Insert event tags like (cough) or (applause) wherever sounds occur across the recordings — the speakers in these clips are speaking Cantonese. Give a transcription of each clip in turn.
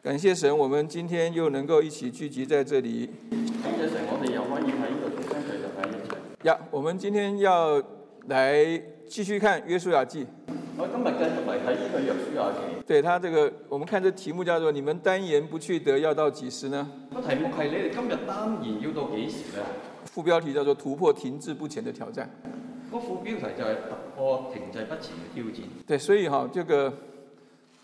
感謝神，我們今天又能夠一起聚集在這裏。感謝神，我們呀，我們今天要來繼續看約書亞記。我今日繼續嚟睇呢個約書亞記。對他這個，我們看這題目叫做“你們耽延不去得，要到幾時呢？”個題目係你哋今日耽延要到幾時呢？副標題叫做“突破停滯不前的挑戰”。個副標題就係突破停滯不前嘅挑戰。對，所以哈，這個。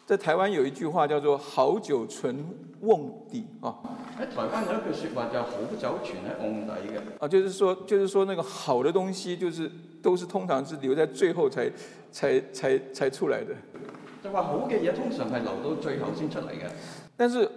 在台灣有一句話叫做“好酒存瓮底”啊。在台灣有一句說話叫“好酒存喺瓮底”嘅。啊，就是說，就是說，那個好的東西，就是都是通常是留在最後才才才才才出來的。就話好嘅嘢，通常係留到最後先出嚟嘅。但是，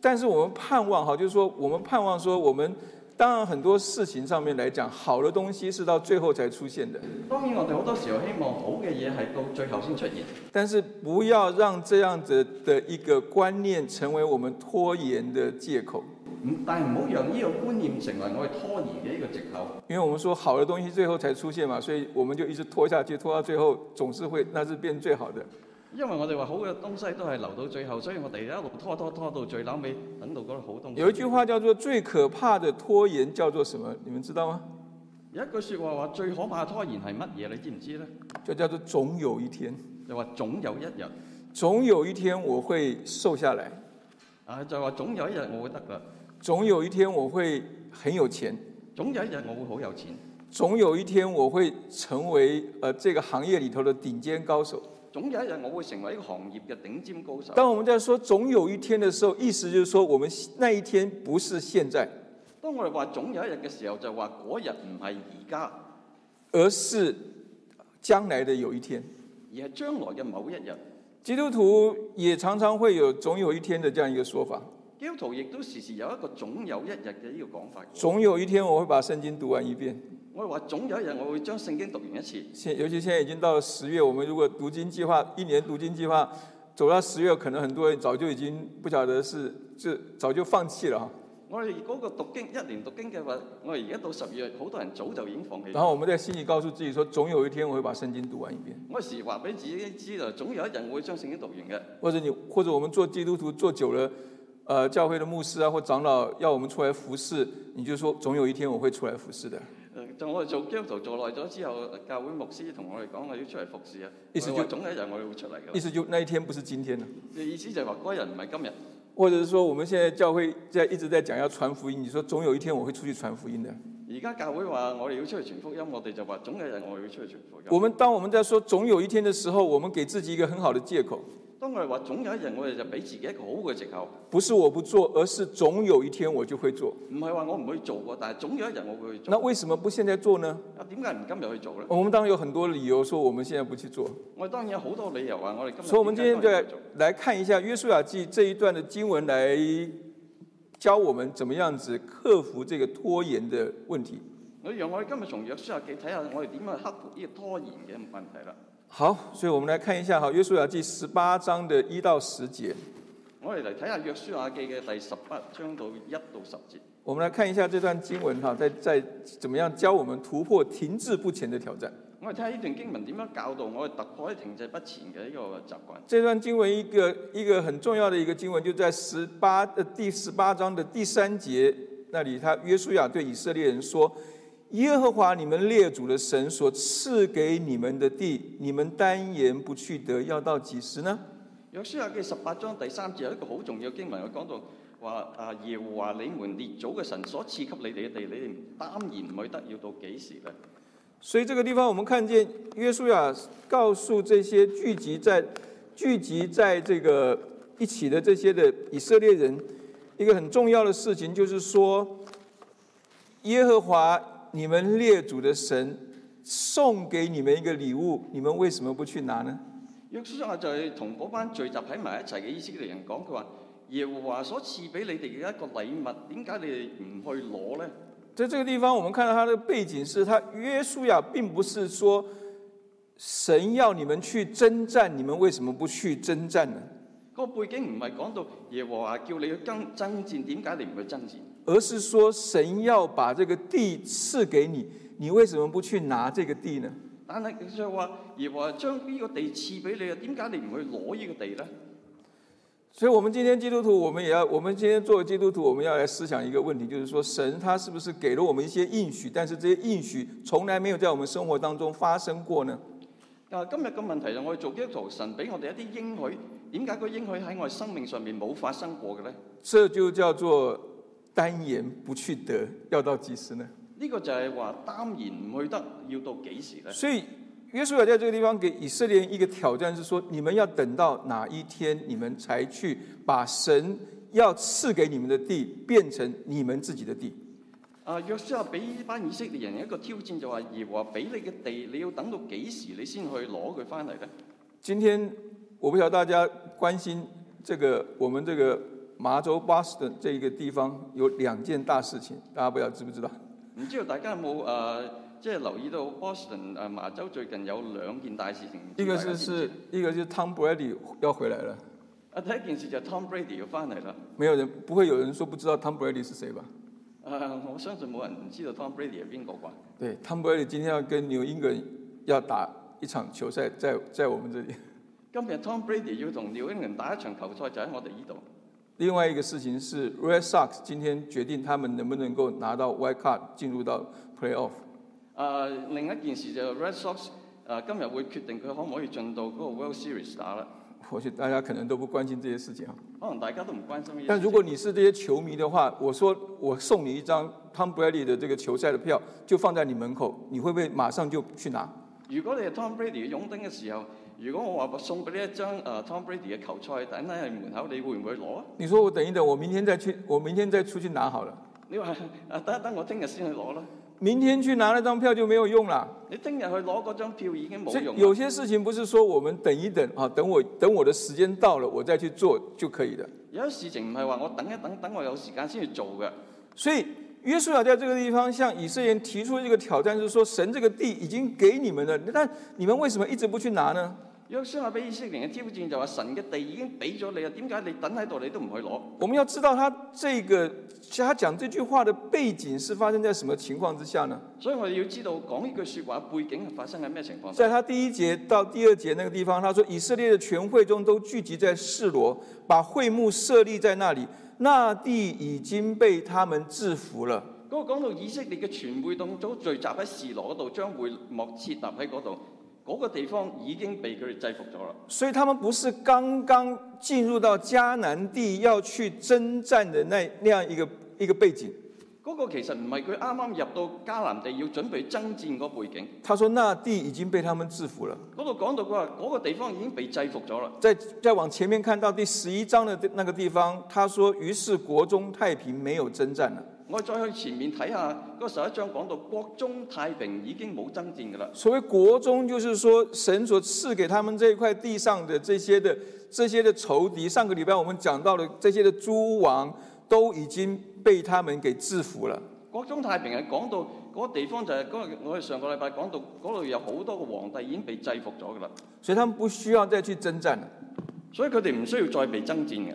但是我們盼望哈，就是說，我們盼望說我們。當然，很多事情上面來講，好的東西是到最後才出現的。當然，我哋好多時候希望好嘅嘢係到最後先出現。但是，不要讓這樣子的一個觀念成為我們拖延的借口。咁，但係唔好讓呢個觀念成為我哋拖延嘅一個借口。因為，我們說好的東西最後才出現嘛，所以我們就一直拖下去，拖到最後，總是會，那是變最好的。因為我哋話好嘅東西都係留到最後，所以我哋一路拖拖拖到最後尾，等到嗰啲好東西。有一句話叫做最可怕的拖延，叫做什麼？你們知道嗎？有一句說話話最可怕的拖延係乜嘢？你知唔知咧？就叫做總有一天，就話總有一日，總有一天我會瘦下來。啊，就話總有一日我會得㗎。總有一天我會很有錢。總有一日我會好有錢。總有一天我會成為誒、呃、這個行業裏頭的頂尖高手。總有一日，我會成為一個行業嘅頂尖高手。當我們在說總有一天嘅時候，意思就是說，我們那一天不是現在。當我哋話總有一日嘅時候，就話嗰日唔係而家，而是將來的有一天。而係將來嘅某一日。基督徒也常常會有總有一天的這樣一個說法。基督徒亦都時時有一個總有一日嘅呢個講法。總有一天，我會把聖經讀完一遍。我話總有一日，我會將聖經讀完一次。現尤其現在已經到了十月，我們如果讀經計劃一年讀經計劃走到十月，可能很多人早就已經不曉得是就早就放棄了。我哋嗰個讀經一年讀經嘅話，我哋而家到十月，好多人早就已經放棄。然後我們在心裏告訴自己說，說總有一天，我會把聖經讀完一遍。我時話俾自己知道，總有一日，我會將聖經讀完嘅。或者你或者我們做基督徒做久了，呃，教會的牧師啊或長老要我們出來服侍，你就說總有一天，我會出來服侍的。就我哋做基督徒做耐咗之後，教會牧師同我哋講：我要出嚟服侍。啊！意思就總有一日我哋要出嚟噶，意思就那一天不是今天啦。即意思就係話嗰日唔係今日。或者是說，我們現在教會在一直在講要傳福音，你說總有一天我會出去傳福音的。而家教會話我哋要出去傳福音，我哋就話總有一日我哋要出去傳福音。我們當我們在說總有一天嘅時候，我們給自己一個很好的借口。當我哋話總有一日，我哋就俾自己一個好嘅藉口。不是我不做，而是總有一天我就會做。唔係話我唔去做過，但係總有一日我會去做。那為什麼不現在做呢？啊，點解唔今日去做咧？我們當然有很多理由，說我們現在不去做。我哋當然有好多理由啊，我哋。今所以我們今天，今天就來，來看一下《約書亞記》這一段嘅經文，來教我們怎麼樣子克服這個拖延的問題。我認我哋今日從《約書亞記》睇下我哋點樣克服呢個拖延嘅問題啦。好，所以我們來看一下哈，《約書亞記》十八章的一到十節。我哋嚟睇下《約書亞記》嘅第十八章到一到十節。我們來看一下這段經文哈，在在怎麼樣教我們突破停滯不前的挑戰。我哋睇下呢段經文點樣教導我哋突破停滯不前嘅一個習慣。這段經文一個一個很重要的一個經文，就在十八第十八章的第三節那裡，他約書亞對以色列人說，耶和華你們列祖的神，所賜給你們的地，你們耽延不去得，要到幾時呢？約書亞嘅十八章第三節有一個好重要的經文，我講到：，話啊，耶和華、啊、你們列祖嘅神所賜給你哋嘅地，你哋唔耽延，唔去得，要到幾時咧？所以這個地方，我們看見約書亞告訴這些聚集在聚集在這個一起的這些的以色列人，一個很重要的事情，就是說耶和華。你們列祖的神送給你們一個禮物，你們為什麼不去拿呢？約書亞就同嗰班聚集喺埋一齊嘅以色列人講，佢話耶和華所賜俾你哋嘅一個禮物，點解你哋唔去攞咧？在這個地方，我們看到它的背景是，他約書亞並不是說神要你們去征戰，你們為什麼不去征戰呢？個背景唔係講到耶和華叫你去爭征戰，點解你唔去征戰？而是說，神要把這個地賜給你，你為什麼不去拿這個地呢？當然，就話，而我將呢個地賜俾你啊，點解你唔去攞呢個地呢？所以，我們今天基督徒，我們也要，我們今天作為基督徒，我們要來思想一個問題，就是說，神他是不是給了我們一些應許，但是這些應許從來沒有在我們生活當中發生過呢？啊，今日個問題就我哋做基督徒，神俾我哋一啲應許，點解個應許喺我哋生命上面冇發生過嘅呢？這就叫做。耽延不去得，要到幾時呢？呢、這個就係話當然唔去得，要到幾時呢？所以約書亞喺在這個地方給以色列人一個挑戰，是說你們要等到哪一天，你們才去把神要賜給你們的地變成你們自己的地？啊，約書亞啊，俾呢班以色列人一個挑戰，就話耶和華俾你嘅地，你要等到幾時，你先去攞佢翻嚟呢？今天我不曉得大家關心這個，我們這個。麻州 Boston 這個地方有兩件大事情，大家不知道，知不知道？唔知道大家有冇誒，即係留意到 Boston 誒麻州最近有兩件大事情。一個是是，一個就是 Tom Brady 要回來了。啊，第一件事就 Tom Brady 要翻嚟啦。啊、沒有人不會有人說不知道 Tom Brady 是誰吧？啊、我相信冇人唔知道 Tom Brady 係邊個啩。對，Tom Brady 今天要跟 New England 要打一場球賽在，在在我們這邊。今日 Tom Brady 要同 New England 打一場球賽就，就喺我哋呢度。另外一個事情是 Red Sox 今天決定他們能不能夠拿到 Wild Card 進入到 Playoff。啊、呃，另一件事就 Red Sox 啊、呃、今日會決定佢可唔可以進到嗰個 World Series 打啦。或者大家可能都不關心這些事情。可能大家都唔關心。但如果你是這些球迷的話，我說我送你一張 Tom Brady 的這個球賽的票，就放在你門口，你會唔會馬上就去拿？如果你係 Tom Brady 勇登嘅時候。如果我話我送俾你一張 Tom Brady 嘅球賽，等喺門口，你會唔會攞？你說我等一等，我明天再去，我明天再出去拿好了。你話等一等，我聽日先去攞咯。明天去拿那張票就沒有用啦。你聽日去攞嗰張票已經冇用了。有些事情不是說我們等一等啊，等我等我的時間到了，我再去做就可以的。有些事情唔係話我等一等，等我有時間先去做嘅。所以約書亞在這個地方向以色列人提出一個挑戰，就是說神這個地已經給你們了，但你們為什麼一直不去拿呢？約書亞對以色列嘅支派就話神嘅地已經俾咗你啦，點解你等喺度你都唔去攞？我們要知道他這個，其實他講這句話嘅背景是發生在什麼情況之下呢？所以我哋要知道講呢句説話背景係發生喺咩情況？在他第一節到第二節那個地方，他說以色列嘅全會眾都聚集在示羅，把會幕設立在那裡，那地已經被他們制服了。我、那個、講到以色列嘅全會眾都聚集喺示羅嗰度，將會幕設立喺嗰度。嗰、那個地方已經被佢哋制服咗啦，所以他們不是剛剛進入到迦南地要去征戰的那那樣一個一個背景。嗰、那個其實唔係佢啱啱入到迦南地要準備征戰嗰個背景。他說那地已經被他們制服了。嗰度講到佢話嗰、那個地方已經被制服咗啦。再再往前面看到第十一章的那個地方，他說於是國中太平，沒有征戰啦。我再去前面睇下，嗰、那個、十一章講到國中太平已經冇爭戰嘅啦。所謂國中，就是說神所賜給他們這一塊地上的這些的這些的仇敵。上個禮拜我們講到的這些的諸王都已經被他們給制服了。國中太平係講到嗰個地方就係嗰、那個、我哋上個禮拜講到嗰度有好多個皇帝已經被制服咗嘅啦，所以他們不需要再去爭戰，所以佢哋唔需要再被爭戰嘅。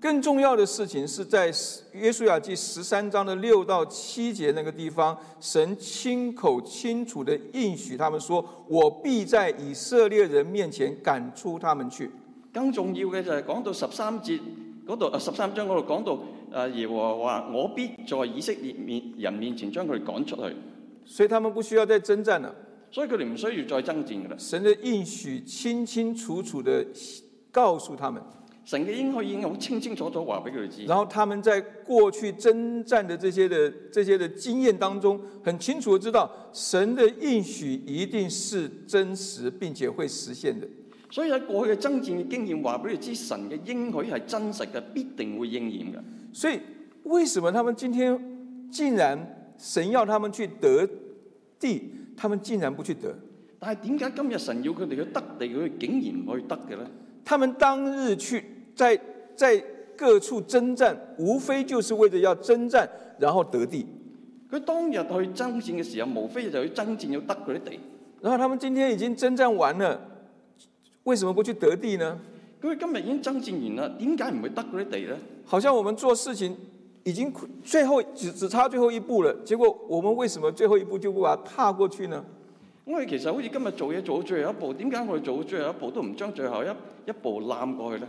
更重要的事情是在《約書亞記》十三章的六到七節那個地方，神親口清楚地應許他們說：“我必在以色列人面前趕出他們去。”更重要嘅就係講到十三節嗰度啊，十三章嗰度講到啊，耶和華我必在以色列面人面前將佢哋趕出去，所以他們不需要再征戰了，所以佢哋唔需要再增戰了。神的應許清清楚楚地告訴他們。神嘅應許已經好清清楚楚話俾佢哋知，然後他們在過去征戰的這些的這些的經驗當中，很清楚知道神嘅應許一定是真實並且會實現的。所以喺過去嘅征戰嘅經驗話俾佢知，神嘅應許係真實嘅，必定會應驗嘅。所以為什麼他們今天竟然神要他們去得地，他們竟然不去得？但係點解今日神要佢哋去得地，佢竟然唔去得嘅咧？他們當日去。在在各處征戰，無非就是為了要征戰，然後得地。佢當日去征戰嘅時候，無非就去征戰要得嗰啲地。然後他們今天已經征戰完了，為什麼不去得地呢？因為今日已經征戰完啦，點解唔去得嗰啲地呢？好像我們做事情已經最後只只差最後一步了，結果我們為什麼最後一步就不把它踏過去呢？我哋其實好似今日做嘢做到最後一步，點解我哋做到最後一步都唔將最後一一步攬過去呢？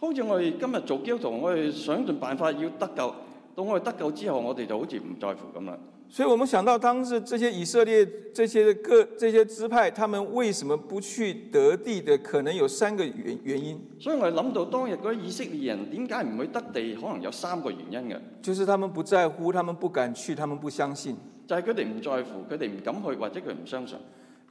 好似我哋今日做基督徒，我哋想盡辦法要得救。到我哋得救之後，我哋就好似唔在乎咁啦。所以，我們想到當時這些以色列、這些個這些支派，他們為什麼不去得地的？可能有三個原原因。所以我哋諗到當日嗰啲以色列人點解唔去得地？可能有三個原因嘅，就是他們不在乎，他們不敢去，他們不相信。就係佢哋唔在乎，佢哋唔敢去，或者佢唔相信，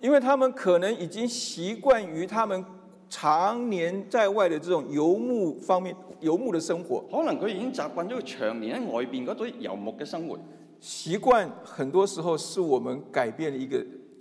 因為他們可能已經習慣於他們。常年在外的這種游牧方面，游牧的生活，可能佢已經習慣咗長年喺外邊嗰種遊牧嘅生活。習慣，很多時候是我們改變了一個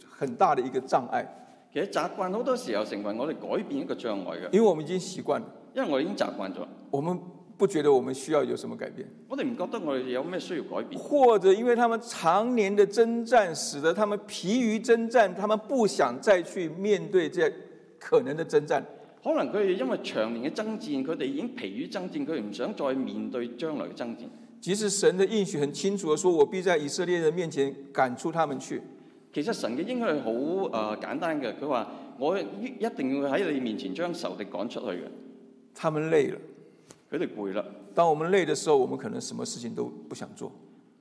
很大的一個障礙。其實習慣好多時候成為我哋改變一個障礙嘅，因為我們已經習慣，因為我已經習慣咗。我們不覺得我們需要有什麼改變，我哋唔覺得我哋有咩需要改變，或者因為他們長年的征戰使得他們疲於征戰，他們不想再去面對，這個。這。可能的征戰，可能佢哋因為長年嘅征戰，佢哋已經疲於征戰，佢唔想再面對將來嘅征戰。只是神嘅應許很清楚嘅，說，我必在以色列人面前趕出他們去。其實神嘅應許好誒簡單嘅，佢話我一定要喺你面前將仇敵趕出去嘅。他們累了，佢哋攰啦。當我們累嘅時候，我們可能什麼事情都不想做。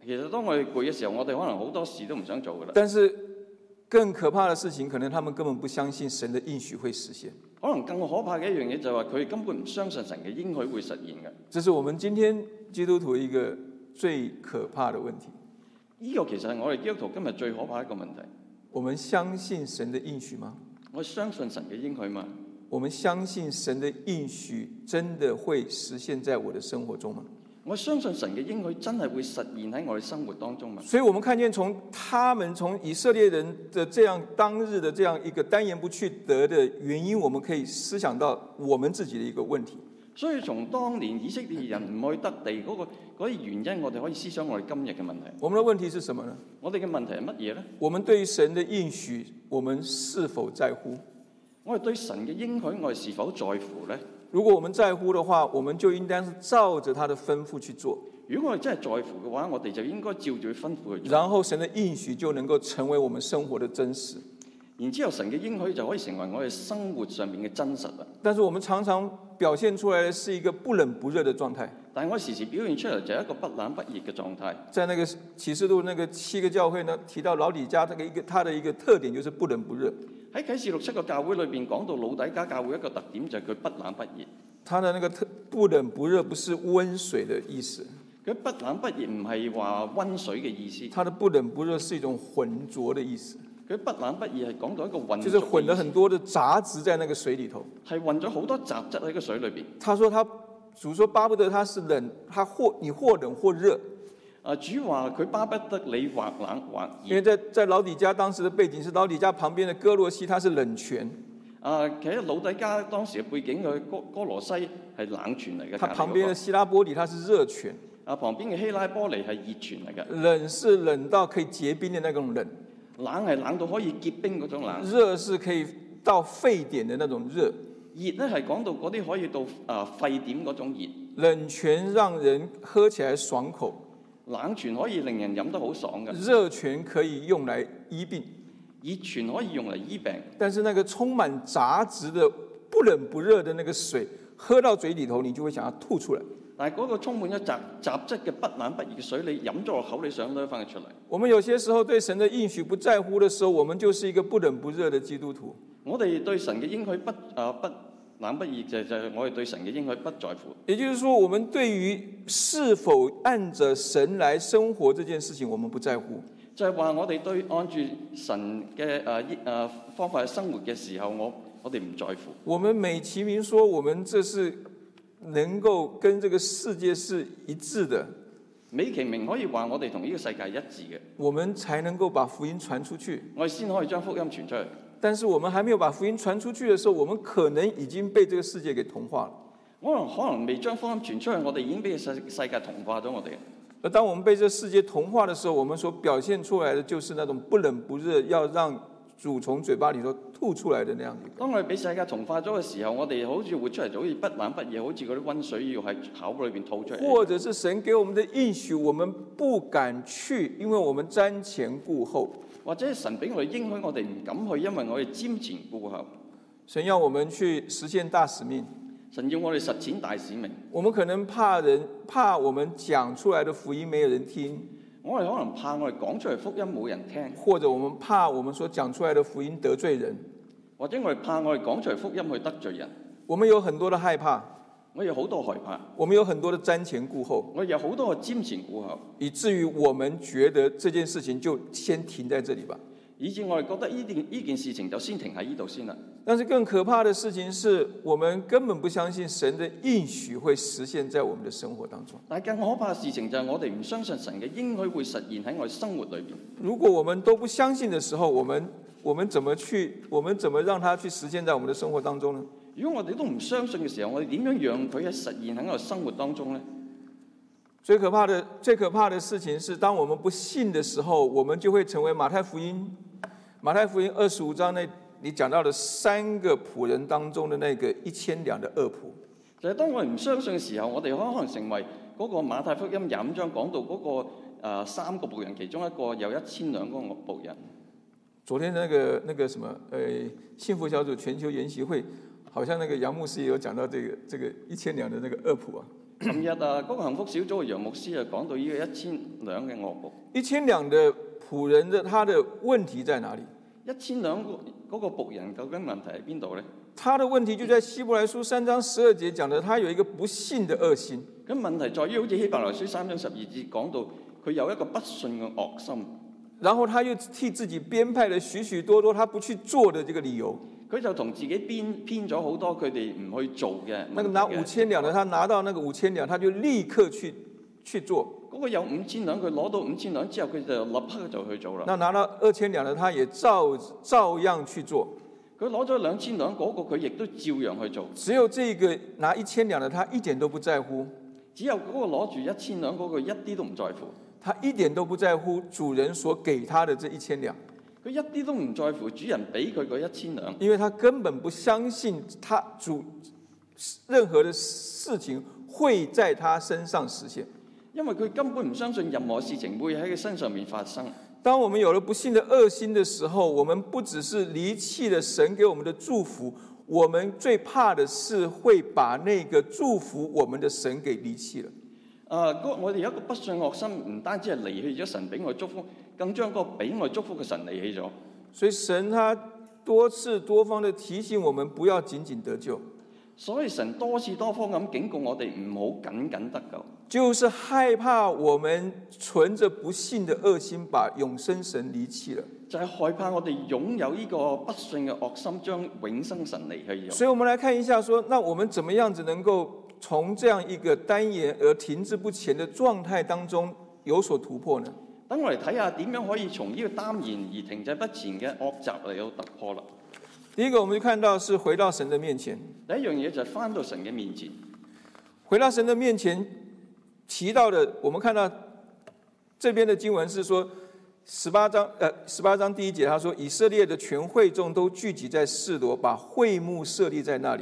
其實當我哋攰嘅時候，我哋可能好多事都唔想做噶啦。但是。更可怕的事情，可能他們根本不相信神的應許會實現。可能更可怕嘅一樣嘢就係話，佢根本唔相信神嘅應許會實現嘅。這是我們今天基督徒一個最可怕的問題。呢個其實係我哋基督徒今日最可怕一個問題，我們相信神的應許嗎？我相信神嘅應許嗎？我們相信神嘅應許真的會實現在我的生活中嗎？我相信神嘅應許真係會實現喺我哋生活當中嘛。所以，我們看見從他們從以色列人的這樣當日的這樣一個耽延不去得的原因，我們可以思想到我們自己的一個問題。所以，從當年以色列人唔去得地嗰、嗯那個嗰啲、那個、原因，我哋可以思想我哋今日嘅問題。我們的問題是什麼呢？我哋嘅問題係乜嘢咧？我們對神的應許，我們是否在乎？我哋對神嘅應許，我哋是否在乎咧？ (noise) 如果我們在乎的話，我們就應當是照着他的吩咐去做。如果我真係在乎的話，我哋就應該照着吩咐去做。然後神的應許就能夠成為我們生活的真實。然之後神嘅應許就可以成為我哋生活上面嘅真實。但是我們常常表現出來的是一個不冷不熱的狀態。但我時時表現出來就一個不冷不熱嘅狀態。在那個啟示錄那個七個教會呢，提到老底加，這個一個，它的一個特點就是不冷不熱。喺啟示六七個教會裏邊講到老底嘉教會一個特點就係佢不冷不熱。他的那個不冷不熱不是温水的意思。佢不冷不熱唔係話温水嘅意思。他的不冷不熱係一種混濁的意思。佢不冷不熱係講到一個混。就是混了很多嘅雜質在那個水裏頭。係混咗好多雜質喺個水裏邊。他說他主說巴不得他是冷，他或你或冷或熱。啊！主話佢巴不得你或冷或熱。因為在在老底加當時的背景是老底加旁邊嘅哥羅西，它是冷泉。啊，其實老底加當時嘅背景佢哥哥羅西係冷泉嚟嘅。佢旁邊嘅希拉波利，它是熱泉。啊，旁邊嘅希拉波利係熱泉嚟嘅。冷是冷到可以結冰嘅那種冷，冷係冷到可以結冰嗰種冷。熱係可以到沸點嘅那種熱。熱呢係講到嗰啲可以到啊沸點嗰種熱。冷泉讓人喝起來爽口。冷泉可以令人飲得好爽嘅，熱泉可以用來醫病，熱泉可以用嚟醫病。但是那個充滿雜質的不冷不熱的那個水，喝到嘴裡頭你就會想要吐出來。但係嗰個充滿一雜雜質嘅不冷不熱嘅水，你飲咗落口你想都翻唔出嚟。我們有些時候對神的應許不在乎的時候，我們就是一個不冷不熱的基督徒。我哋對神嘅應許不啊不。難不義就就是、我哋對神嘅應許不在乎。也就是說，我們對於是否按着神來生活這件事情，我們不在乎。就係、是、話我哋對按住神嘅誒誒方法去生活嘅時候，我我哋唔在乎。我們美其名說，我們這是能夠跟這個世界是一致的。美其名可以話，我哋同呢個世界係一致嘅，我們才能夠把福音傳出去。我哋先可以將福音傳出去。但是我們還沒有把福音傳出去的時候，我們可能已經被這個世界給同化了。我可能未將福音傳出去，我哋已經被世世界同化咗我哋。而當我們被這個世界同化的時候，我們所表現出來的，就是那種不冷不熱，要讓主從嘴巴裏頭吐出來的那樣。當我哋俾世界同化咗嘅時候，我哋好似活出嚟就好似不冷不熱，好似嗰啲溫水要喺口裏邊吐出嚟。或者是神給我們的應許，我們不敢去，因為我們瞻前顧後。或者神俾我哋應許我哋唔敢去，因為我哋瞻前顧後。神要我們去實現大使命，神要我哋實踐大使命。我們可能怕人，怕我們講出來嘅福音沒有人聽。我哋可能怕我哋講出嚟福音冇人聽，或者我們怕我哋所講出來嘅福音得罪人，或者我哋怕我哋講出嚟福音去得罪人。我們有很多的害怕。我有好多害怕，我們有很多的瞻前顧後，我有好多的瞻前顧後，以至於我們覺得這件事情就先停在這裏吧。以至我哋覺得呢件呢件事情就先停喺呢度先啦。但是更可怕的事情是，我們根本不相信神的應許會實現在我們的生活當中。但更可怕的事情就係我哋唔相信神嘅應許會實現喺我哋生活裏邊。如果我們都不相信的時候，我們我們怎麼去，我們怎麼讓它去實現在我們的生活當中呢？如果我哋都唔相信嘅時候，我哋點樣讓佢喺實現喺我生活當中咧？最可怕嘅最可怕的事情是，當我們不信嘅時候，我們就會成為馬太福音馬太福音二十五章呢你講到嘅三個僕人當中嘅那個一千兩嘅惡僕。就係、是、當我哋唔相信嘅時候，我哋可能成為嗰個馬太福音廿五章講到嗰、那個、呃、三個僕人，其中一個有一千兩個惡僕人。昨天那個那個什麼誒、哎、幸福小組全球研習會。好像那個楊牧師也有講到這個這個一千兩的那個惡僕啊，琴日啊嗰個幸福小組嘅楊牧師啊講到呢個一千兩嘅惡僕，一千兩的僕人的他的問題在哪裏？一千兩嗰個僕人究竟問題喺邊度咧？他的問題就在希伯來書三章十二節講的，他有一個不信的惡心。咁問題在於，好似希伯來書三章十二節講到，佢有一個不信嘅惡心，然後他又替自己編派了許許多多他不去做的這個理由。佢就同自己編編咗好多佢哋唔去做嘅。那個拿五千兩的，他拿到那個五千兩，他就立刻去去做。嗰個有五千兩，佢攞到五千兩之後，佢就立刻就去做啦。那拿到二千兩的，他也照照樣去做。佢攞咗兩千兩嗰個，佢亦都照樣去做。只有這個拿一千兩的，他一點都不在乎。只有嗰個攞住一千兩嗰個，一啲都唔在乎。他一點都不在乎主人所給他的這一千兩。佢一啲都唔在乎主人俾佢嗰一千兩，因為他根本不相信他主任何的事情會在他身上實現，因為佢根本唔相信任何事情會喺佢身上面發生。當我們有了不信的惡心的時候，我們不只是離棄了神給我們的祝福，我們最怕的是會把那個祝福我們的神給離棄了。啊，我哋有一個不信惡心，唔單止係離棄咗神俾我祝福。更將個俾我祝福嘅神離棄咗，所以神他多次多方的提醒我們，不要僅僅得救，所以神多次多方咁警告我哋唔好僅僅得救，就是害怕我們存着不信的惡心，把永生神離棄了，就係、是、害怕我哋擁有呢個不信嘅惡心，將永生神離棄咗。所以我們來看一下，說，那我們怎麼樣子能夠從這樣一個耽延而停滯不前的狀態當中有所突破呢？等我嚟睇下點樣可以從呢個耽延而停滯不前嘅惡習嚟到突破啦。第一個，我們就看到是回到神嘅面前。第一樣嘢就係翻到神嘅面前。回到神嘅面前，提到的，我們看到這邊的經文是說，十八章，誒、呃，十八章第一節，他說以色列嘅全會眾都聚集在士羅，把會幕設立在那裡。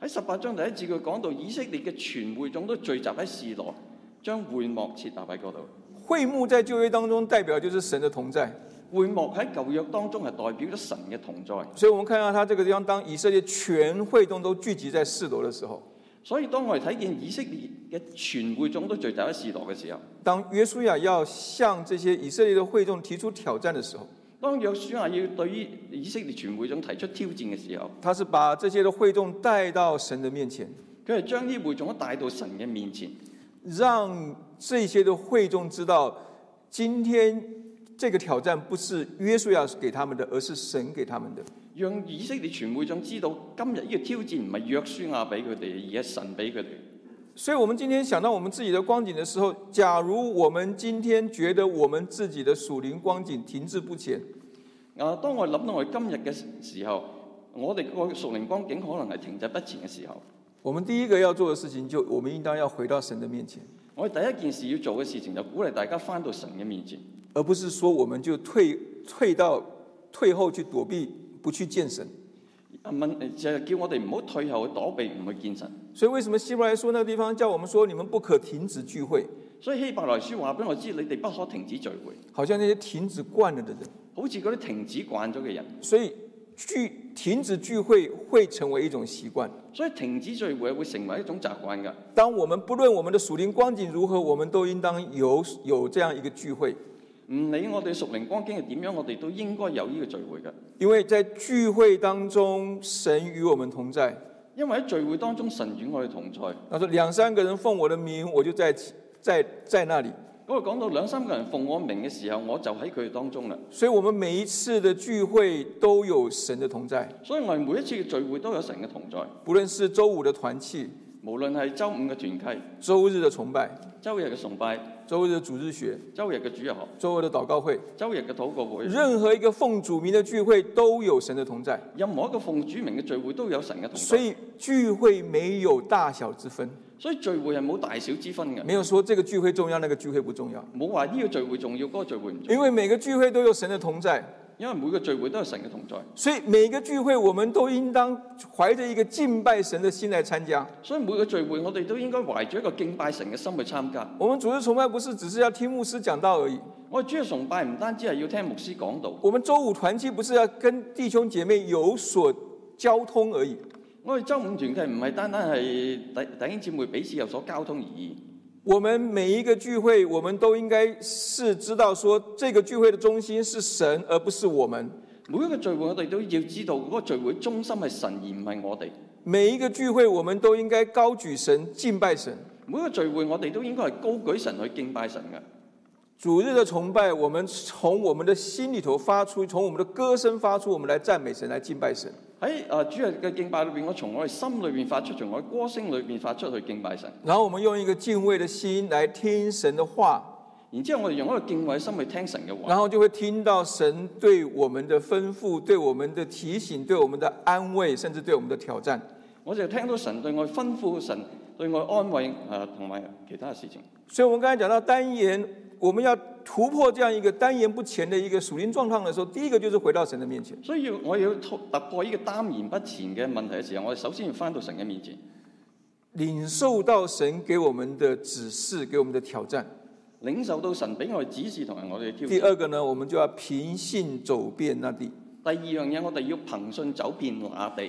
喺十八章第一節，佢講到以色列嘅全會眾都聚集喺士羅，將會幕設立喺嗰度。會幕在舊約當中代表就是神的同在，會幕喺舊約當中係代表咗神嘅同在，所以，我們睇下他這個地方，當以色列全會眾都聚集在示羅嘅時候，所以當我哋睇見以色列嘅全會眾都聚集喺示羅嘅時候，當約書亞要向這些以色列嘅會眾提出挑戰嘅時候，當約書亞要對於以色列全會眾提出挑戰嘅時候，他是把這些嘅會眾帶到神嘅面前，佢係將呢啲會眾帶到神嘅面前。讓這些的會眾知道，今天這個挑戰不是約書亞給他們的，而是神給他們的。讓以色列全會眾知道，今日呢個挑戰唔係約書亞俾佢哋，而係神俾佢哋。所以，我們今天想到我們自己的光景的時候，假如我們今天覺得我們自己的屬靈光景停滯不前，啊，當我諗到我今日嘅時候，我哋個屬靈光景可能係停滯不前嘅時候。我們第一個要做的事情就，我們應當要回到神的面前。我第一件事要做的事情就鼓勵大家返到神嘅面前，而不是說我們就退退到退後去躲避，不去見神。阿文就叫我哋唔好退後去躲避，唔去見神。所以為什麼希伯來書那個地方叫我們說，你們不可停止聚會？所以希伯來書話俾我知，你哋不可停止聚會。好像那些停止慣了的人，好似嗰啲停止慣咗嘅人。所以。聚停止聚會會成為一種習慣，所以停止聚會會成為一種習慣的。當我們不論我們的屬靈光景如何，我們都應當有有這樣一個聚會。唔理我哋屬靈光景係點樣，我哋都應該有呢個聚會噶。因為在聚會當中，神與我們同在。因為喺聚會當中，神與我哋同在。他說兩三個人奉我的名，我就在在在，在那裡。我講到兩三個人奉我名嘅時候，我就喺佢哋當中啦。所以，我們每一次嘅聚會都有神嘅同在。所以我哋每一次嘅聚會都有神嘅同在，無論是周五嘅團契，無論係週五嘅團契，週日的崇拜，周日嘅崇拜。周日主日學，周日嘅主日學，周日嘅禱告會，周日嘅禱告會，任何一個奉主名嘅聚會都有神的同在，任何一個奉主名嘅聚會都有神嘅同在，所以聚會沒有大小之分，所以聚會係冇大小之分嘅，沒有說這個聚會重要，那個聚會不重要，冇話呢個聚會重要，嗰、那個聚會唔重要，因為每個聚會都有神的同在。因為每個聚會都係神嘅同在，所以每個聚會我們都應當懷着一個敬拜神嘅心嚟參加。所以每個聚會我哋都應該懷着一個敬拜神嘅心去參加。我們主日崇拜不是只是要聽牧師講道而已，我哋主日崇拜唔單止係要聽牧師講道。我們周五團契不是要跟弟兄姐妹有所交通而已，我哋周五團契唔係單單係弟弟兄姊妹彼此有所交通而已。我們每一個聚會，我們都應該是知道說，這個聚會的中心是神，而不是我們。每一個聚會，我哋都要知道，嗰個聚會中心係神，而唔係我哋。每一個聚會，我們都應該高舉神，敬拜神。每一個聚會，我哋都應該係高舉神去敬拜神的。主日的崇拜，我們從我們的心裏頭發出，從我們的歌聲發出，我們來讚美神，來敬拜神。喺啊！主日嘅敬拜裏邊，我從我哋心裏邊發出，從我歌聲裏邊發出去敬拜神。然後我們用一個敬畏嘅心來聽神的話，然之後我哋用一個敬畏心去聽神嘅話。然後就會聽到神對我們嘅吩咐，對我們嘅提醒，對我們嘅安慰，甚至對我們嘅挑戰。我就聽到神對我吩咐神，神對我安慰，誒、啊，同埋其他嘅事情。所以，我剛才講到單言。我們要突破這樣一個耽延不前的一個屬靈狀況的時候，第一個就是回到神的面前。所以我要突破呢個耽延不前嘅問題嘅時候，我哋首先要翻到神嘅面前，領受到神給我們的指示，給我們的挑戰。領受到神俾我哋指示同埋我哋嘅挑戰。第二個呢，我們就要憑信走遍那地。第二樣嘢，我哋要憑信走遍那地。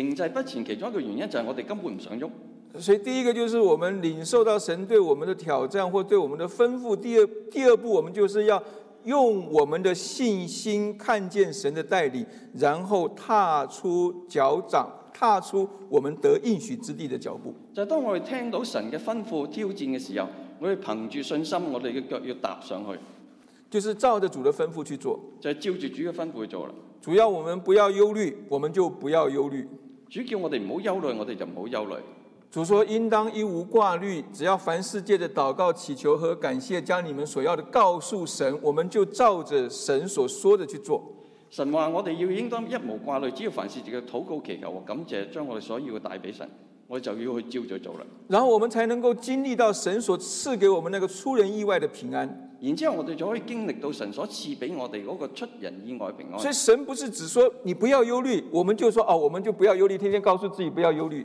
停滯不前，其中一個原因就係我哋根本唔想喐。所以第一個就是我們領受到神對我們的挑戰或對我們的吩咐。第二第二步，我們就是要用我們的信心看見神的帶領，然後踏出腳掌，踏出我們得應許之地的腳步。就是，當我哋聽到神嘅吩咐、挑戰嘅時候，我哋憑住信心，我哋嘅腳要踏上去，就是照着主嘅吩咐去做。就係，照住主嘅吩咐去做啦。主要我們不要憂慮，我們就不要憂慮。主叫我哋唔好憂慮，我哋就唔好憂慮。主說，應當一無掛慮，只要凡世界的禱告、祈求和感謝，將你們所要的告訴神，我們就照着神所說的去做。神話，我哋要應當一無掛慮，只要凡事自己禱告、祈求和感謝，將我哋所要嘅帶俾神。我就要去照着做了。然後我們才能夠經歷到神所賜給我們那個出人意外的平安。然之後我哋就可以經歷到神所賜俾我哋嗰個出人意外平安。所以神不是只說你不要憂慮，我們就說哦，我們就不要憂慮，天天告訴自己不要憂慮。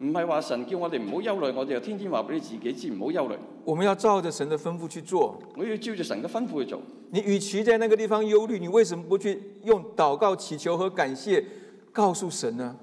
唔係話神叫我哋唔好憂慮，我哋就天天話俾你自己知唔好憂慮。我們要照着神的吩咐去做，我要照着神嘅吩咐去做。你與其在那個地方憂慮，你為什麼不去用禱告、祈求和感謝告訴神呢？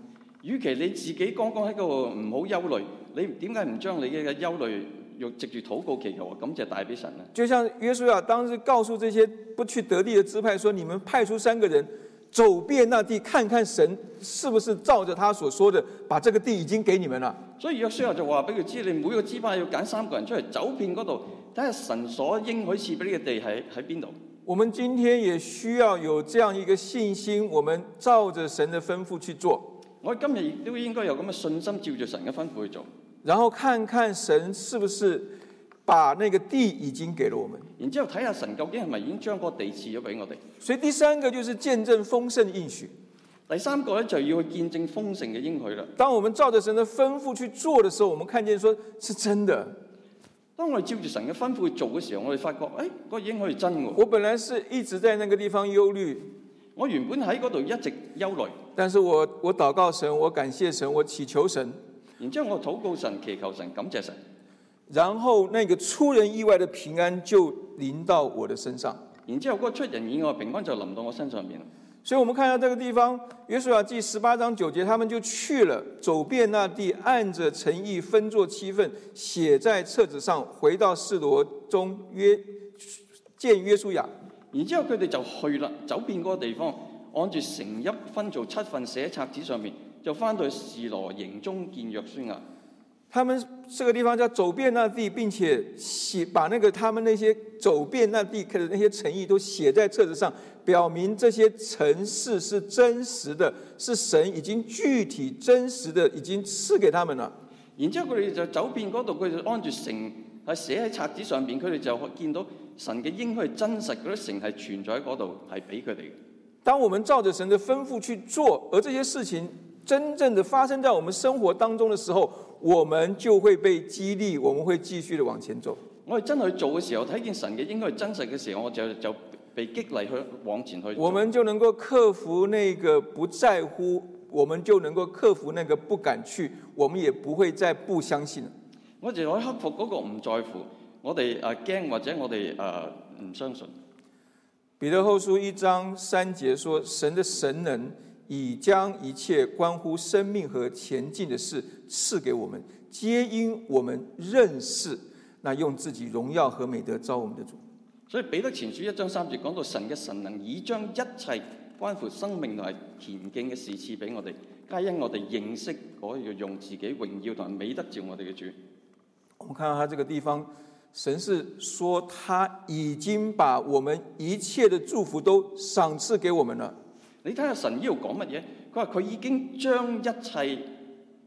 與其你自己剛剛喺度唔好憂慮，你點解唔將你嘅憂慮用藉住禱告祈求啊？就謝帶俾神啊！就像約書亞當時告訴這些不去得地嘅支派，說：你們派出三個人走遍那地，看看神是不是照着他所說的，把這個地已經給你們了。所以約書亞就話俾佢知：你每個支派要揀三個人出嚟走遍嗰度，睇下神所應許賜俾呢個地喺喺邊度？我們今天也需要有這樣一個信心，我們照着神的吩咐去做。我今日亦都應該有咁嘅信心，照住神嘅吩咐去做。然後看看神是不是把那個地已經給了我們，然之後睇下神究竟係咪已經將嗰個地賜咗俾我哋。所以第三個就是見證豐盛應許。第三個咧就要去見證豐盛嘅應許啦。當我們照着神嘅吩咐去做的時候，我們看見說是真的。當我照住神嘅吩咐去做嘅時候，我哋發覺誒，嗰個應許係真嘅。我本來是一直在那個地方憂慮。我原本喺嗰度一直憂慮，但是我我禱告神，我感謝神，我祈求神，然之後我禱告神、祈求神、感謝神，然後那個出人意外的平安就臨到我的身上。然之後我出人意外，平安就臨到,到我身上面。所以，我們看到這個地方，約書亞記第十八章九節，他們就去了，走遍那地，按着誠意分作七份，寫在冊子上，回到示羅中約，見約見約書亞。然之後佢哋就去啦，走遍嗰個地方，按住城邑分做七份，寫喺冊子上面，就翻到示羅營中見約書亞。他們這個地方叫走遍那地，並且寫把那個他們那些走遍那地的那些城邑都寫在冊子上，表明這些城市是真實的，是神已經具體真實的已經賜給他們了。然之後佢哋就走遍嗰度，佢就按住城。係寫喺冊子上邊，佢哋就可見到神嘅應許真實嗰啲城係存在喺嗰度，係俾佢哋。當我們照着神嘅吩咐去做，而這些事情真正地發生在我們生活當中嘅時候，我們就會被激勵，我們會繼續地往前走。我哋真係做嘅時候，睇見神嘅應許真實嘅時候，我就就被激勵去往前去。我們就能夠克服那個不在乎，我們就能夠克服那個不敢去，我們也不會再不相信。我哋喺克服嗰個唔在乎，我哋啊驚，或者我哋啊唔相信。彼得後書一章三節說：神的神能已將一切關乎生命和前進的事賜給我們，皆因我們認識，那用自己榮耀和美德召我們的主。所以彼得前書一章三節講到神嘅神能已將一切關乎生命同埋前進嘅事賜俾我哋，皆因我哋認識，可以用自己榮耀同埋美德召我哋嘅主。我看到他這個地方，神是說他已經把我們一切的祝福都賞賜給我們了。你睇下神要講乜嘢？佢話佢已經將一切。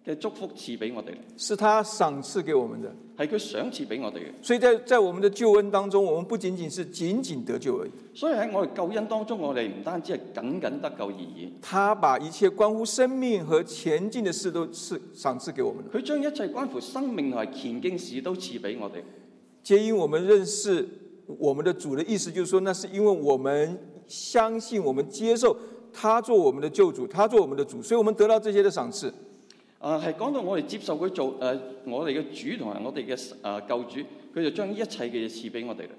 嘅祝福賜俾我哋，是他賞賜給我們的，係佢賞賜俾我哋嘅。所以在，在在我們的救恩當中，我們不僅僅是僅僅得救而已。所以喺我哋救恩當中，我哋唔單止係僅僅得救而已。他把一切關乎生命和前進嘅事都賜賞賜給我們的，佢將一切關乎生命同埋前進事都賜俾我哋。皆因我們認識我們的主的意思，就是說，那是因為我們相信，我們接受他做我們的救主，他做我們的主，所以我們得到這些的賞賜。啊、呃，係講到我哋接受佢做，誒、呃，我哋嘅主同埋我哋嘅啊救主，佢就將呢一切嘅嘢賜俾我哋啦。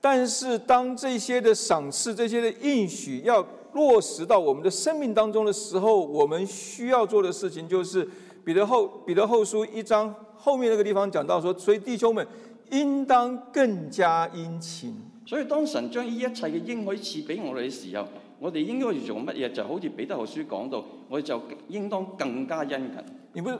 但是當這些嘅賞賜、這些嘅應許要落實到我們嘅生命當中嘅時候，我們需要做嘅事情就是，彼得後彼得後書一章後面那個地方講到說，說所以弟兄們應當更加殷勤。所以當神將呢一切嘅應許賜俾我哋嘅時候。我哋應該做乜嘢？就好似彼得後書講到，我哋就應當更加殷勤。你唔，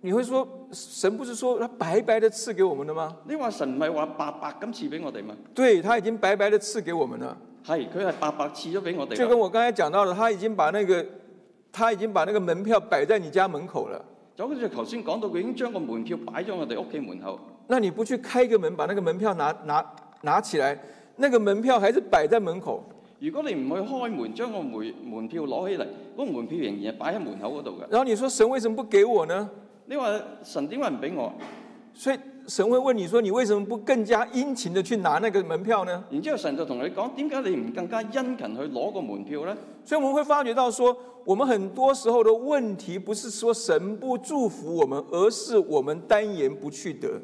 你會說神不是說他白白的賜給我們的嗎？你話神唔係話白白咁賜俾我哋嘛？對，他已經白白的賜給我們了。係，佢係白白賜咗俾我哋。就跟我剛才講到了，他已經把那個，他已經把那個門票擺在你家門口了。就好似頭先講到，佢已經將個門票擺咗我哋屋企門口。那你不去開個門，把那個門票拿拿拿起來，那個門票還是擺在門口。如果你唔去開門，將個門門票攞起嚟，嗰、那個、門票仍然係擺喺門口嗰度嘅。然後你說神為什麼不給我呢？你話神點解唔俾我？所以神會問你說，你為什麼不更加殷勤的去拿那個門票呢？然之後神就同你講，點解你唔更加殷勤去攞個門票呢？所以我們會發覺到說，我們很多時候的問題，不是說神不祝福我們，而是我們耽延不去得。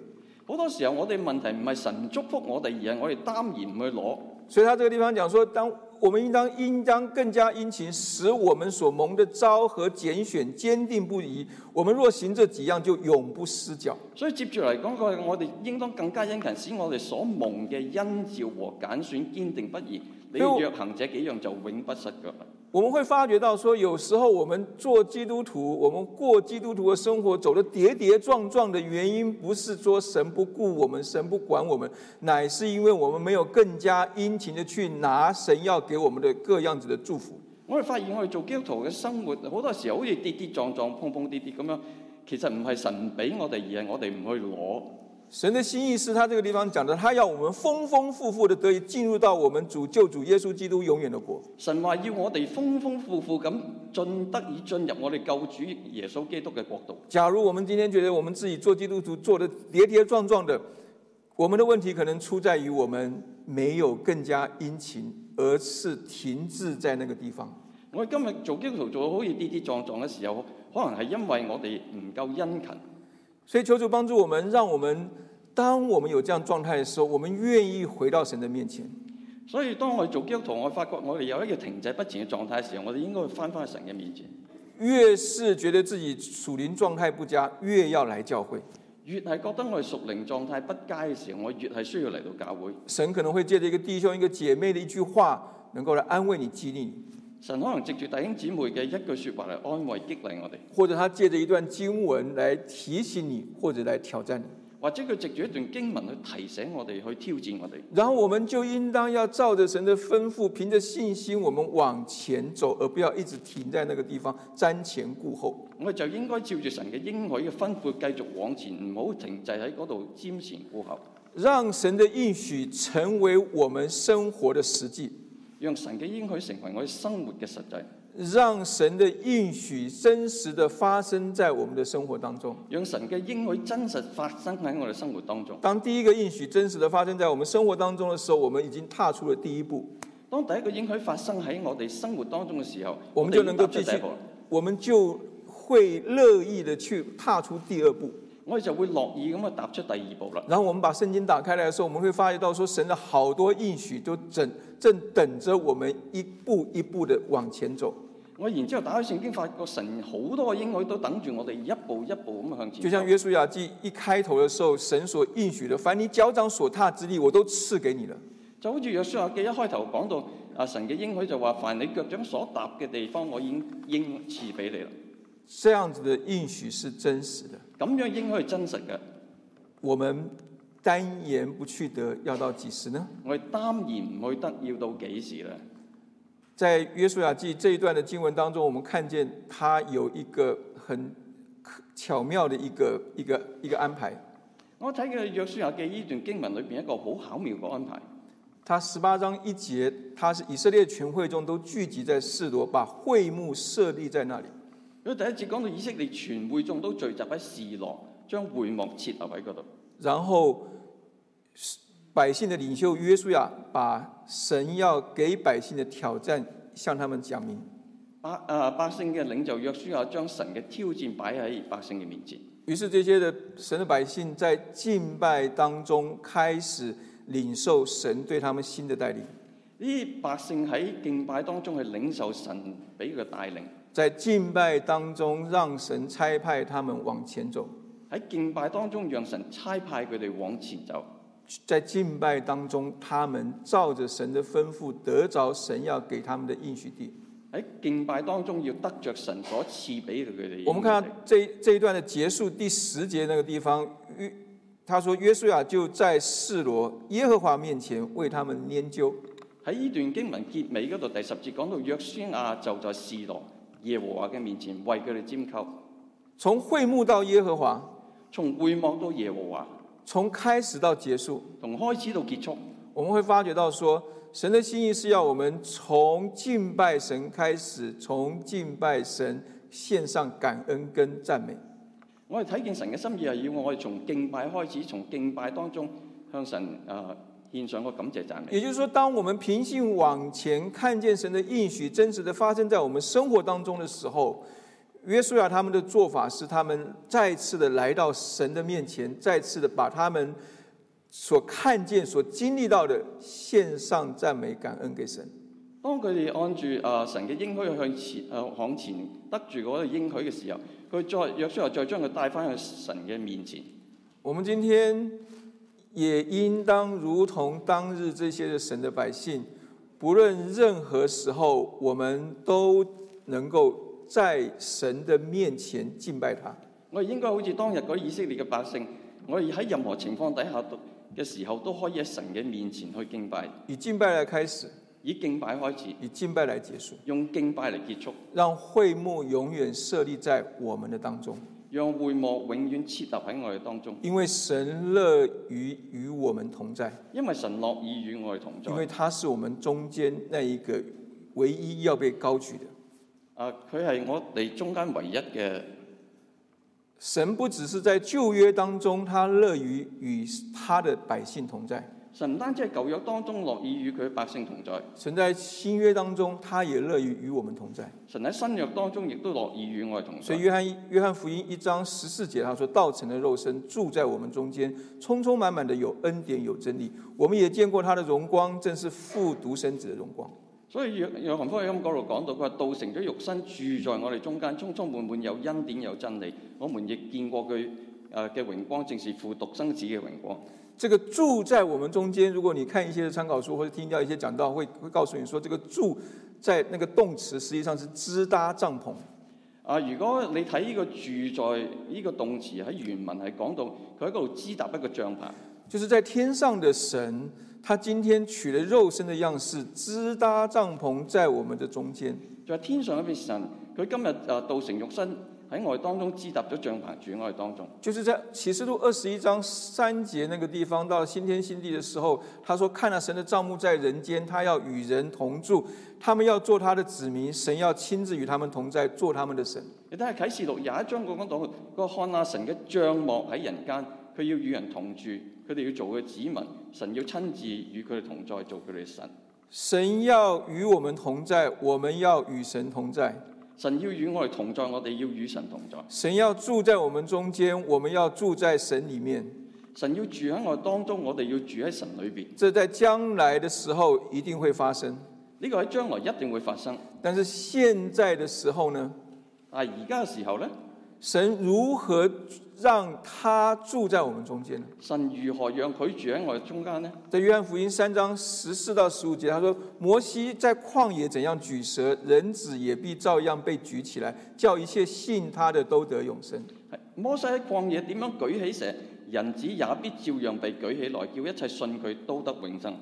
好多時候我哋問題唔係神祝福我哋，而係我哋耽延唔去攞。所以他這個地方講說，當我們應當應當更加殷勤，使我們所蒙的招和揀選堅定不移。我們若行這幾樣，就永不失腳。所以接住嚟講個，我哋應當更加殷勤，使我哋所蒙嘅恩召和揀選堅定不移。你若行這幾樣，就永不失腳。我們會發覺到，說有時候我們做基督徒，我們過基督徒的生活，走得跌跌撞撞的原因，不是說神不顧我們、神不管我們，乃是因為我們沒有更加殷勤的去拿神要給我們的各樣子的祝福。我哋發現我哋做基督徒嘅生活，好多時候好似跌跌撞撞、碰碰跌跌咁樣，其實唔係神唔俾我哋，而係我哋唔去攞。神的心意是，他這個地方講的，他要我們豐豐富富的得以進入到我們主救主耶穌基督永遠的國。神話要我哋豐豐富富咁進，得以進入我哋救主耶穌基督嘅國度。假如我們今天覺得我們自己做基督徒做得跌跌撞撞的，我們的問題可能出在於我們沒有更加殷勤，而是停滯在那個地方。我們今日做基督徒做得好似跌跌撞撞嘅時候，可能係因為我哋唔夠殷勤。所以，求主幫助我們，讓我們當我們有這樣狀態的時候，我們願意回到神的面前。所以，當我去做基督徒，我發覺我哋有一個停滯不前嘅狀態嘅時候，我哋應該翻返神嘅面前。越是覺得自己屬靈狀態不佳，越要來教會。越係覺得我屬靈狀態不佳嘅時候，我越係需要嚟到教會。神可能會借着一個弟兄、一個姐妹嘅一句話，能夠嚟安慰你、激勵你。神可能藉住弟兄姊妹嘅一句說話嚟，安慰激勵我哋，或者他借着一段經文嚟提醒你，或者嚟挑戰你，或者佢藉住一段經文去提醒我哋，去挑戰我哋。然後我們就應當要照着神嘅吩咐，憑着信心，我們往前走，而不要一直停在那個地方瞻前顧後。我就應該照住神嘅應許嘅吩咐，繼續往前，唔好停滯喺嗰度瞻前顧後，讓神嘅應許成為我們生活的實際。讓神嘅應許成為我哋生活嘅實際，讓神嘅應許真實地發生在我們的生活當中。讓神嘅應許真實發生喺我哋生活當中。當第一個應許真實地發生在我們生活當中的時候，我們已經踏出了第一步。當第一個應許發生喺我哋生活當中的時候，我們就能夠繼續，我們就會樂意地去踏出第二步。我哋就會樂意咁去踏出第二步啦。然後我們把聖經打開嚟嘅時候，我們會發現到說神的好多應許都正正等着我們一步一步地往前走。我然之後打開聖經，發覺神好多應許都等住我哋一步一步咁向前。就像約書亞記一開頭嘅時候，神所應許的，凡你腳掌所踏之地，我都賜給你了。就好似約書亞記一開頭講到啊，神嘅應許就話，凡你腳掌所踏嘅地方，我已經應賜俾你啦。這樣子的應許是真實的，咁樣應該係真實嘅。我們耽延不去得，要到幾時呢？我哋耽延唔去得，要到幾時咧？在約書亞記這一段的經文當中，我們看見他有一個很巧妙的一個、一個、一個安排。我睇嘅約書亞記呢段經文裏邊一個好巧妙嘅安排。他十八章一節，他是以色列全會眾都聚集在示羅，把會幕設立在那裏。因為第一次講到以色列全會眾都聚集喺示羅，將會幕設立喺嗰度。然後百姓嘅領袖約書亞把神要給百姓嘅挑戰向他們講明。百啊百姓嘅領袖約書亞將神嘅挑戰擺喺百姓嘅面前。於是這些嘅神嘅百姓在敬拜當中開始領受神對他們新嘅帶領。呢百姓喺敬拜當中去領受神俾佢帶領。在敬拜當中，讓神差派他們往前走。喺敬拜當中，讓神差派佢哋往前走。在敬拜當中，他們照着神的吩咐，得着神要給他們的應許地。喺敬拜當中，要得着神所賜俾佢哋。我們看這這一段的結束第十節那個地方，約，他說約書亞就在示羅耶和華面前為他們拈鬮。」喺呢段經文結尾嗰度第十節講到約書亞就在示羅。耶和華嘅面前為佢哋進口，從會幕到耶和華，從會幕到耶和華，從開始到結束，從開始到結束，我們會發覺到說，神的心意是要我們從敬拜神開始，從敬拜神獻上感恩跟讚美。我哋睇見神嘅心意係要我哋從敬拜開始，從敬拜當中向神啊。呃獻上我感謝讚美，也就是說，當我們憑信往前看見神的應許真實的發生在我們生活當中的時候，約書亞他們的做法是，他們再次的來到神的面前，再次的把他們所看見、所經歷到的獻上讚美感恩給神。當佢哋按住啊神嘅應許向前，啊往前得住嗰個應許嘅時候，佢再約書亞再將佢帶翻去神嘅面前。我們今天。也應當如同當日這些神的百姓，不論任何時候，我們都能夠在神的面前敬拜他。我哋應該好似當日嗰以色列嘅百姓，我哋喺任何情況底下嘅時候，都可以喺神嘅面前去敬拜。以敬拜來開始，以敬拜開始，以敬拜來結束，用敬拜嚟結束，讓會幕永遠設立在我們嘅當中。讓會幕永遠設立喺我哋當中，因為神樂於與我們同在。因為神樂意與我哋同在。因為他是我們中間那一個唯一要被高舉嘅。佢、啊、係我哋中間唯一嘅。神不只是在舊約當中，他樂於與他的百姓同在。神唔單止喺舊約當中樂意與佢百姓同在，神在新約當中，他也樂意與我們同在。神喺新約當中亦都樂意與我哋同在。所以約翰約翰福音一章十四節，他說道成嘅肉身住在我們中間，充充滿滿的有恩典有真理。我們也見過他的榮光，正是父獨生子嘅榮光。所以約翰福音喺嗰度講到，佢話道成咗肉身住在我哋中間，充充滿滿有恩典有真理。我們亦見過佢誒嘅榮光，正是父獨生子嘅榮光。這個住在我們中間，如果你看一些的參考書或者聽掉一些講道，會會告訴你說，這個住在那個動詞，實際上是支搭帳篷。啊，如果你睇呢個住在呢個動詞喺原文係講到，佢喺度支搭一個帳篷，就是在天上的神，他今天取了肉身的樣式，支搭帳篷在我們的中間。就係天上嗰邊神，佢今日啊，道成肉身。喺我哋當中支搭咗帳棚住喺我哋當中，就是在啟示錄二十一章三節那個地方，到新天新地嘅時候，他說看了神的帳幕在人間，他要與人同住，他們要做他的子民，神要親自與他們同在，做他們的神。但係啟示錄也講過講到，那個看啊，神嘅帳幕喺人間，佢要與人同住，佢哋要做佢嘅子民，神要親自與佢哋同在，做佢哋嘅神。神要與我們同在，我們要與神同在。神要與我哋同在，我哋要與神同在。神要住在我們中間，我們要住在神裡面。神要住喺我當中，我哋要住喺神裏邊。這在將來的時候一定會發生，呢個喺將來一定會發生。但是現在的時候呢？啊，而家嘅時候呢？神如何讓他住在我們中間呢？神如何讓佢住喺我們中間呢？在約翰福音三章十四到十五節，他說：“摩西在曠野怎樣舉蛇，人子也必照樣被舉起來，叫一切信他的都得永生。”是摩西喺曠野點樣舉起蛇，人子也必照樣被舉起來，叫一切信佢都得永生。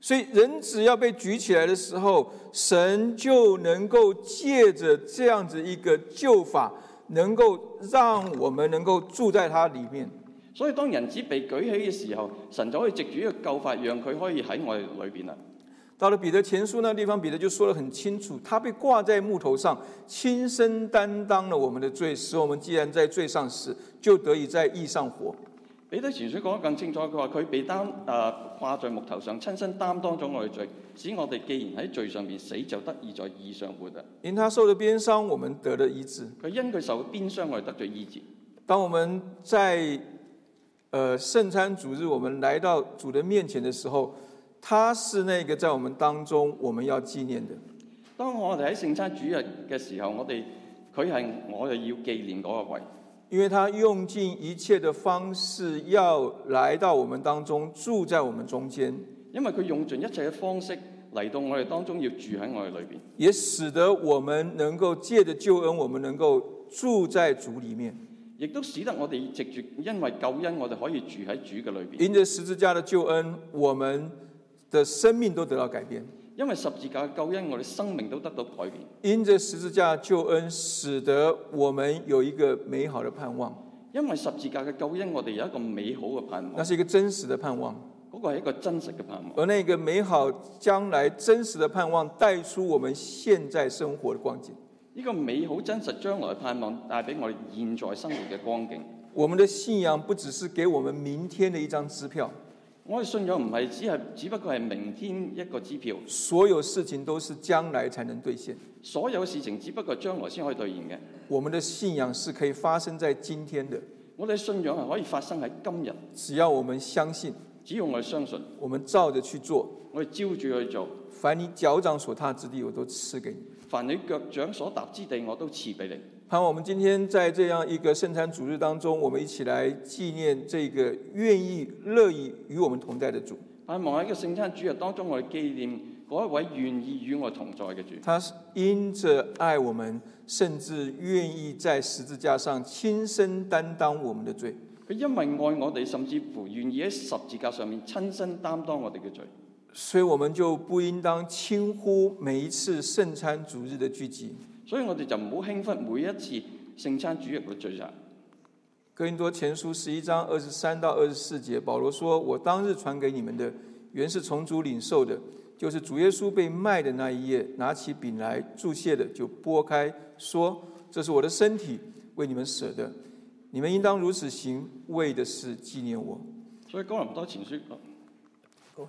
所以人只要被舉起來的時候，神就能夠借着這樣子一個救法。能夠讓我們能夠住在他裏面，所以當人子被舉起的時候，神就可以藉住呢個救法，讓佢可以喺我哋裏面了。到了彼得前書那地方，彼得就說得很清楚，他被掛在木頭上，親身擔當了我們的罪，使我們既然在罪上死，就得以在義上活。彼得前書講得更清楚話，佢話佢被擔誒掛、呃、在木頭上，親身擔當咗我哋罪，使我哋既然喺罪上面死，就得以在義上活的。因他受了鞭傷，我們得了醫治。佢因佢受鞭傷，我哋得咗醫治。當我們在誒、呃、聖餐主日，我們來到主的面前嘅時候，他是那個在我們當中，我們要紀念的。當我哋喺聖餐主日嘅時候，我哋佢係我哋要紀念嗰個位。因為他用盡一切的方式，要來到我們當中，住在我們中間。因為佢用盡一切的方式嚟到我哋當中，要住喺我哋裏邊，也使得我們能夠借着救恩，我們能夠住在主裏面，亦都使得我哋藉住因為救恩，我哋可以住喺主嘅裏邊。因着十字架的救恩，我們的生命都得到改變。因為十字架嘅救恩，我哋生命都得到改變。因着十字架救恩，使得我們有一個美好的盼望。因為十字架嘅救恩，我哋有一個美好嘅盼望。那是一個真實嘅盼望。嗰個係一個真實嘅盼望。而那個美好將來真實嘅盼望，帶出我們現在生活嘅光景。呢個美好真實將來嘅盼望，帶俾我哋現在生活嘅光景。我們嘅信仰不只是給我們明天嘅一張支票。我哋信仰唔係只係，只不過係明天一個支票，所有事情都是將來才能兌現，所有事情只不過將來先可以兌現嘅。我們的信仰是可以發生在今天的，我哋信仰係可以發生喺今日。只要我們相信，只要我哋相信，我們照着去做，我哋照住去做。凡你腳掌所踏之地，我都賜給你；凡你腳掌所踏之地，我都賜俾你。好、啊，我們今天在這樣一個聖餐主日當中，我們一起來紀念這個願意樂意與我們同在的主。在、啊、某一個聖餐主日當中，我哋紀念嗰一位願意與我同在嘅主。他因着愛我們，甚至願意在十字架上親身擔當我們的罪。佢因為愛我哋，甚至乎願意喺十字架上面親身擔當我哋嘅罪。所以我們就不應當輕忽每一次聖餐主日的聚集。所以我哋就唔好輕忽每一次聖餐主日嘅聚集。哥林多前書十一章二十三到二十四節，保羅說：我當日傳給你們的，原是從主領受的，就是主耶穌被賣的那一夜，拿起餅來祝謝的，就擘開，說：這是我的身體，為你們捨的。你們應當如此行，為的是紀念我。所以講咁多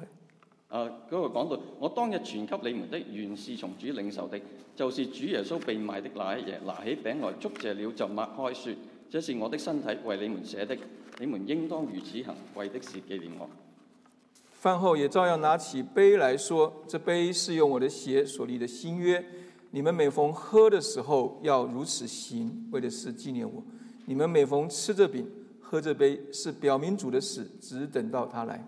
誒嗰個講到，我當日傳給你們的，原是從主領受的，就是主耶穌被賣的那一夜，拿起餅來，祝謝了，就擘開説：這是我的身體，為你們捨的，你們應當如此行，為的是紀念我。飯後也照樣拿起杯來說：這杯是用我的血所立的新約，你們每逢喝的時候，要如此行，為的是紀念我。你們每逢吃這餅、喝這杯，是表明主的死，只等到他來。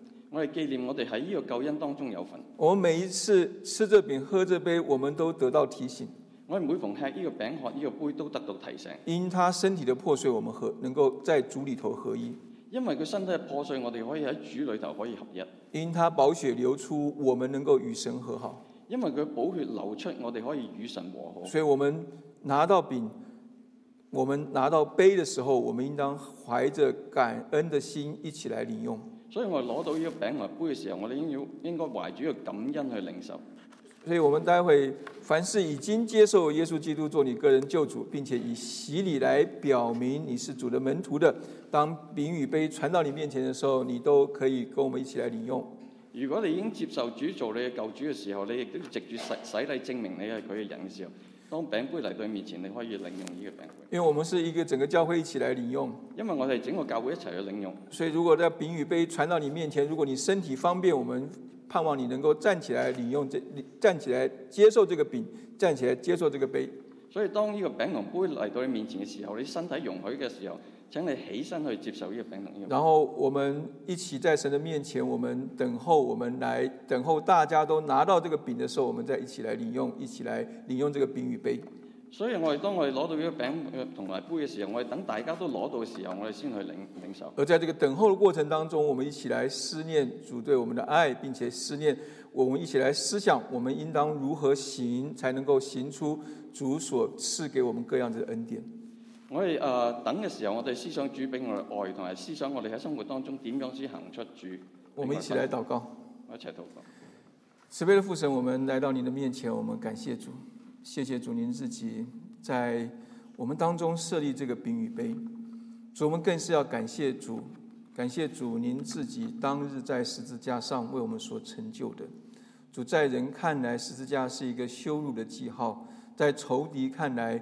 我哋紀念我哋喺呢個救恩當中有份。我每一次吃這餅喝這杯，我們都得到提醒。我哋每逢吃呢個餅喝呢個杯，都得到提醒。因他身體的破碎，我們合能夠在主裏頭合一。因為佢身體的破碎，我哋可以喺主裏頭可以合一。因他寶血流出，我們能夠與神和好。因為佢寶血流出，我哋可以與神和好。所以我們拿到餅，我們拿到杯嘅時候，我們應當懷着感恩的心一起來領用。所以我攞到呢個餅和杯嘅時候，我哋應要應該懷住一個感恩去領受。所以，我們待會，凡是已經接受耶穌基督做你個人救主，並且以洗禮來表明你是主的門徒的，當餅與杯傳到你面前嘅時候，你都可以跟我們一起來領用。如果你已經接受主做你嘅救主嘅時候，你亦都要藉住洗洗禮證明你係佢嘅人嘅時候。當餅杯嚟到你面前，你可以領用呢個餅杯。因為我們是一個整個教會一起來領用。因為我哋整個教會一齊去領用。所以如果在餅與杯傳到你面前，如果你身體方便，我們盼望你能夠站起來領用，這站起來接受這個餅，站起來接受這個杯。所以當呢個餅同杯嚟到你面前嘅時候，你身體容許嘅時候。請你起身去接受這個餅，等用。然後我們一起在神的面前，我們等候，我們來等候大家都拿到這個餅的時候，我們再一起來領用，一起來領用這個餅與杯。嗯、所以我哋當我哋攞到呢個餅同埋杯的時候，我哋等大家都攞到嘅時候，我哋先去領領受。而在這個等候的過程當中，我們一起來思念主對我們的愛，並且思念我們一起來思想，我們應當如何行，才能夠行出主所賜給我們各樣子的恩典。我哋誒等嘅時候，我哋思想主俾我哋愛，同埋思想我哋喺生活當中點樣先行出主。我哋一齊嚟禱告，一齊禱告。慈悲的父神，我們來到您的面前，我們感謝主，謝謝主您自己在我們當中設立這個餅與杯。主，我們更是要感謝主，感謝主您自己當日在十字架上為我們所成就的。主，在人看來十字架是一個羞辱的記號，在仇敵看來。